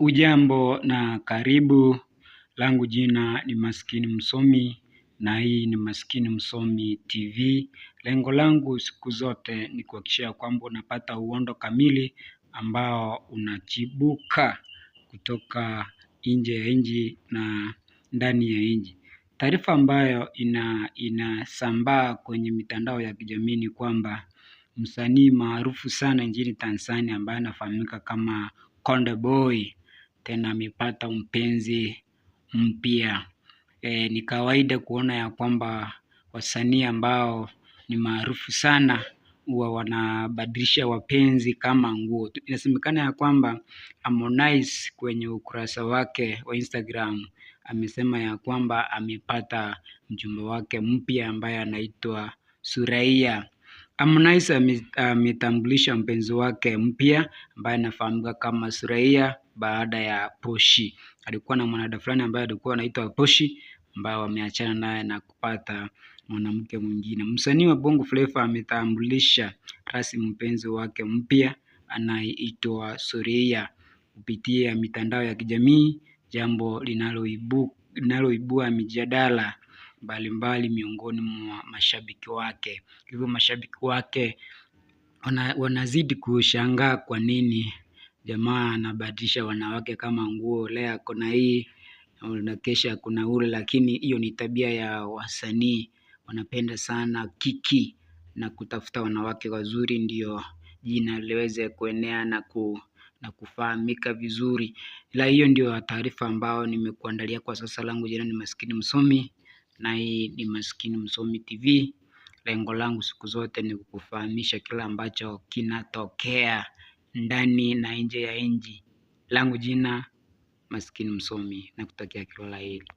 Ujambo na karibu. Langu jina ni Maskini Msomi na hii ni Maskini Msomi TV. Lengo langu siku zote ni kuhakikisha kwamba unapata uondo kamili ambao unachibuka kutoka nje ya nchi na ndani ya nchi. Taarifa ambayo ina inasambaa kwenye mitandao ya kijamii ni kwamba msanii maarufu sana nchini Tanzania ambaye anafahamika kama Konde Boy tena amepata mpenzi mpya. E, ni kawaida kuona ya kwamba wasanii ambao ni maarufu sana huwa wanabadilisha wapenzi kama nguo. Inasemekana ya kwamba Harmonize kwenye ukurasa wake wa Instagram amesema ya kwamba amepata mjumbe wake mpya ambaye anaitwa Suraiya. Harmonize ametambulisha mpenzi wake mpya ambaye anafahamika kama Suraiya baada ya poshi Alikuwa na mwanadada fulani ambaye alikuwa anaitwa poshi ambao wameachana naye na kupata mwanamke mwingine. Msanii wa Bongo Flava ametambulisha rasmi mpenzi wake mpya anayeitwa Suraiya kupitia mitandao ya kijamii, jambo linaloibua mijadala mbalimbali miongoni mwa mashabiki wake. Hivyo mashabiki wake wanazidi kushangaa kwa nini jamaa anabadilisha wanawake kama nguo, leo kuna hii na kesha kuna ule, lakini hiyo ni tabia ya wasanii. Wanapenda sana kiki na kutafuta wanawake wazuri ndio jina liweze kuenea na, ku, na kufahamika vizuri. la hiyo ndio taarifa ambayo nimekuandalia kwa sasa. Langu jina ni Maskini Msomi na hii ni Maskini Msomi TV. Lengo langu siku zote ni kukufahamisha kila ambacho kinatokea ndani na nje ya nchi. Langu jina Maskini Msomi, nakutakia kila la heri.